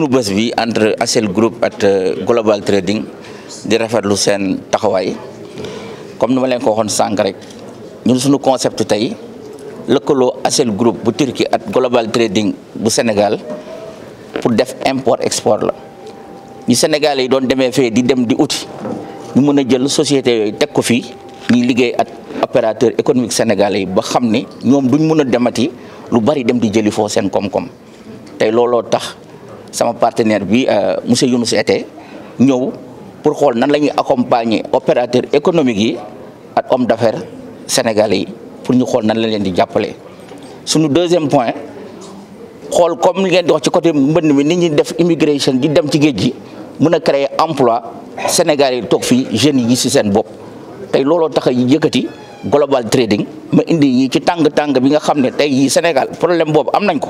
lu bés bi entre Assel Group ak euh, Global Trading di rafetlu seen taxawaay comme ni leen ko waxoon sànq rek ñun suñu concept tey lëkkaloo Assel Group bu Turquie ak Global Trading bu Sénégal pour def import export la ñu Sénégal yi doon demee fee di dem di uti ñu mën a jël société yooyu teg ko fii ñuy liggéey at opérateur économique sénégalais yi ba xam ni ñoom duñ mun a demati lu bari dem di jëli foo seen koom-koom tey looloo tax sama partenaire bi euh, monsieur Younous ñëw pour xool nan la ñuy accompagner opérateur économique yi ak homme d'affaires sénégalais yi pour ñu xool nan la leen di jàppale. sunu deuxième point xool comme li ngeen di wax ci côté mbënn mi ni ñi def immigration di dem ci géej gi mun a créer emploi sénégalais yi toog fii jeunes yi si seen bopp tey looloo tax a yëkkati. global trading ma indi yi ci tàng tàng bi nga xam ne tey yi Sénégal problème boobu am nañ ko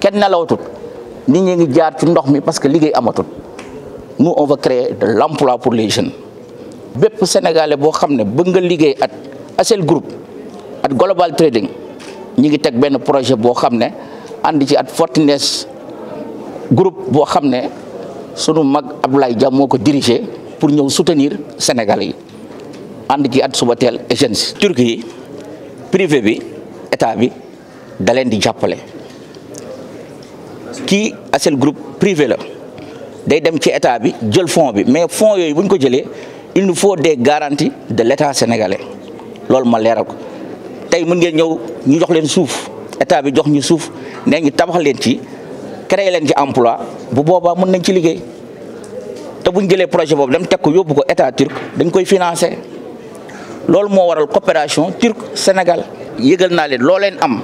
kenn nelawatut nit ñi ngi jaar ci ndox mi parce que liggéey amatut nous on va créer de l'emploi pour les jeunes bépp sénégalais boo xam ne bëgg nga liggéey at ACEL groupe at global trading ñi ngi teg benn projet boo xam ne ànd ci at Fortiness groupe boo xam ne sunu mag Abdoulaye Dia ko diriger pour ñëw soutenir sénégalais yi. ànd ci at suba teel agence turki yi privé bi état bi da leen di jàppale kii Assel group privé la day dem ci état bi jël fond bi mais fonds yooyu buñ ko jëlee il nous faut des garanties de l' état sénégalais loolu ma leeral ko tey mën ngeen ñëw ñu jox leen suuf état bi jox ñu suuf nee ñu tabax leen ci créer leen ci emploi bu boobaa mën nañ ci liggéey te bu ñu jëlee projet boobu dem teg ko yóbbu ko état turc dañ koy financer. loolu moo waral coopération turc Sénégal yégal naa leen loo leen am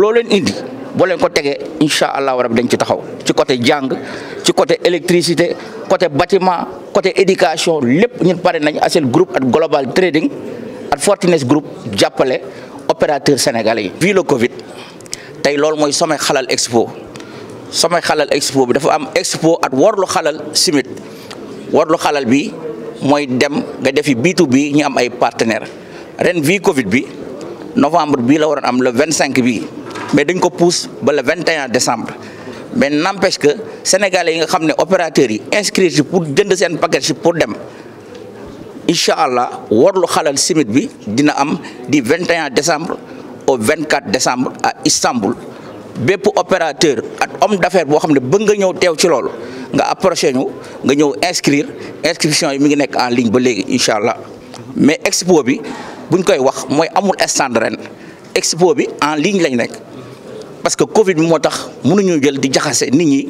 loo leen indi boo leen ko tegee incha allahu rabi dañ ci taxaw ci côté jàng ci côté électricité côté bâtiment côté éducation lépp ñun pare nañ Asel Group ak Global Trading ak Fortiness Group jàppale opérateur sénégal yi. vu le Covid tey loolu mooy sommet xalal expo sommet xalal expo bi dafa am expo ak warlu xalal simit warlu xalal bi. mooy dem nga defi b bii ñu am ay partenaire ren bii Covid bi novembre bii la waroon am le vingt cinq bii mais dañ ko pousse ba le vingt et décembre mais n'empêche que sénégalais yi nga xam ne opérateurs yi inscrits pour jënd seen paquet si pour dem incha allah warlu xalal simit bi dina am di vingt et décembre au vingt quatre décembre à Istanbul bépp opérateur ak homme d'affaires boo xam ne bëgg nga ñëw teew ci loolu. nga approché ñu nga ñëw inscrire inscription yi mi ngi nekk en ligne ba léegi incha allah mais expo bi buñ koy wax mooy amul stand ren expo bi en ligne lañ nekk parce que Covid bi moo tax mun na mënuñu jël di jaxase nit ñi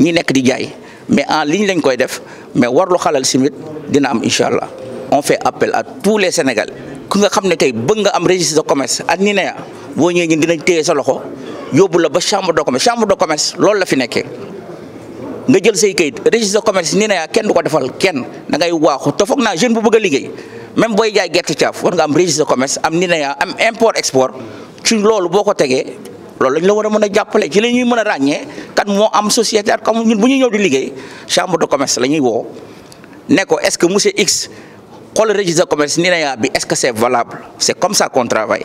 ñi nekk di jaay mais en ligne lañ koy def mais war warlu xalal simit dina am incha allah on fait appel à tous les sénégal ku nga xam ne tey bëgg nga am registre de commerce ak NINEA ah, boo ñëwee ñun dinañ téye sa loxo yóbbu la ba chambre de commerce chambre de commerce loolu la fi nekkee. nga jël say kayit registre commerce nii na kenn du ko defal kenn da ngay waaxu te foog naa jeune bu bëgg liggéey même booy jaay gerte caaf war nga am registre commerce am nii na am import export ci loolu boo ko tegee loolu lañ la war a mën a jàppale ci la ñuy mën a ràññee kan moo am société ak comme ñun bu ñuy ñëw di liggéey chambre de commerce la ñuy woo ne ko est-ce que monsieur X xool registre commerce nii na yaa bi est-ce que c'est valable c'est comme ça qu'on travaille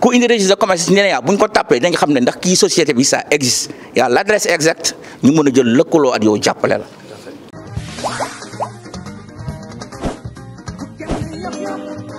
ku indi registre de commerce nee bu ñu ko tàppee dañ xam ne ndax ki société bi ça existe yaa l' adresse exacte ñu mën a jël lëkkaloo ak yow jàppale la.